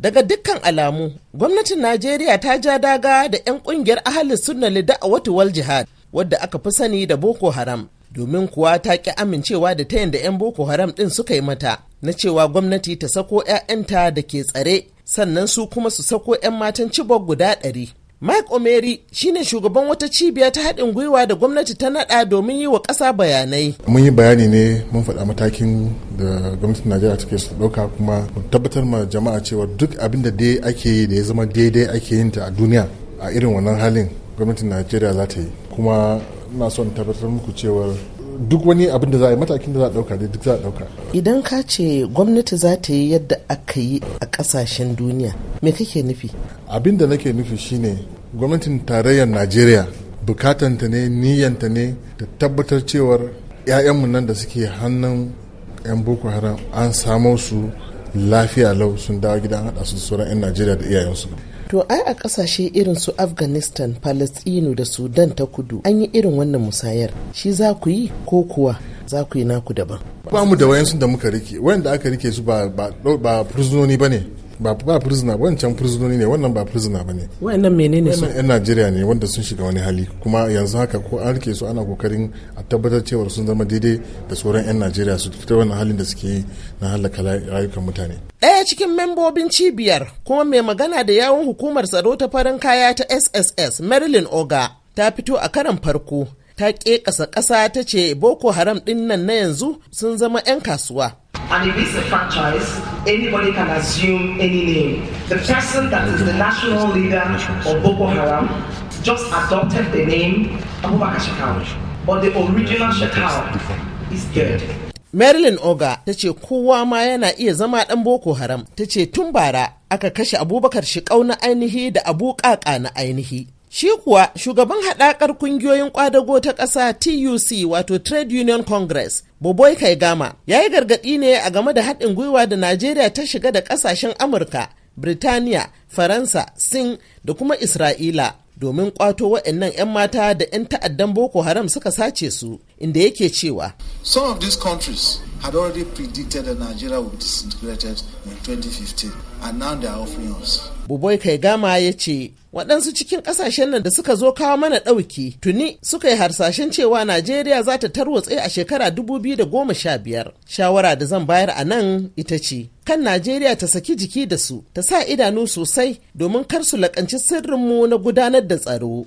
daga dukkan alamu gwamnatin najeriya ta ja daga da 'yan kungiyar ahalin sunna wata wal jihad wadda aka fi sani da boko haram domin kuwa ta ki amincewa da ta da 'yan boko haram ɗin suka yi mata na cewa gwamnati ta sako 'ya'yanta da ke tsare sannan su kuma su sako 'yan matan cibok guda ɗari Mike Omeri shine shugaban wata cibiya ta haɗin gwiwa da gwamnati ta naɗa domin yi wa ƙasa bayanai. Mun yi bayani ne mun faɗa matakin da gwamnatin Najeriya take su ɗauka kuma mu tabbatar ma jama'a cewa duk abin da dai ake yi da ya zama daidai ake yin ta a duniya a irin wannan halin gwamnatin Najeriya za ta yi. Kuma ina son tabbatar muku cewa duk wani abin da za a yi matakin da za a ɗauka dai duk za a ɗauka. Idan ka ce gwamnati za ta yi yadda aka yi a ƙasashen duniya, me kake nufi? Abin da nake nufi shine gwamnatin tarayyar najeriya bukatanta ne niyyanta ne da tabbatar cewar 'ya'yanmu nan da suke hannun 'yan boko haram an samo su lafiya lau sun dawo gidan hada su sauran 'yan najeriya da iyayensu To ai a kasashe irin su Afghanistan, Palestino da Sudan ta kudu an yi irin wannan musayar. Shi za ku yi ko kuwa za ku yi naku daban. Ba mu da wayansu da muka rike, wayanda aka rike su ba prisononi ba ne. ba ba prisoner wancan prisoner ne wannan ba prisoner bane wayannan menene su yan Najeriya ne wanda sun shiga wani hali kuma yanzu haka ko an rike su ana kokarin a tabbatar cewa sun zama daidai da sauran yan Najeriya su fita wannan halin da suke na halaka rayukan mutane ɗaya cikin membobin cibiyar kuma mai magana da yawun hukumar tsaro ta farin kaya ta SSS Marilyn Oga ta fito a karan farko ta ƙeƙasa ƙasa ta ce boko haram ɗin nan na yanzu sun zama 'yan kasuwa and it is a franchise anybody can assume any name. The person that is the national leader of Boko Haram just adopted the name Abubakar Shekau, but the original Shekau is dead. Marilyn Oga ta ce kowa ma yana iya zama ɗan Boko Haram ta ce tun bara aka kashe abubakar shekau na ainihi da abu ƙaƙa na ainihi. Shi kuwa shugaban haɗakar kungiyoyin ƙwadago ta ƙasa TUC wato Trade Union Congress, Boboi Kaigama, ya yi gargaɗi ne a game da haɗin gwiwa da Najeriya ta shiga da ƙasashen Amurka, Birtaniya, Faransa, Sin da kuma Isra'ila domin ƙwato waɗannan 'yan mata da 'yan ta'addan Boko Haram suka sace su. inda yake cewa some of these countries had already predicted that Nigeria would disintegrate in 2015 and now they are offering us. kai gama ya ce waɗansu cikin ƙasashen nan da suka zo kawo mana ɗauki tuni suka yi harsashen cewa Najeriya za ta tarwatse a shekara 2015. Shawara da zan bayar a nan ita ce, kan Najeriya ta saki jiki da su, ta sa idanu sosai domin kar su laƙanci sirrinmu na gudanar da tsaro.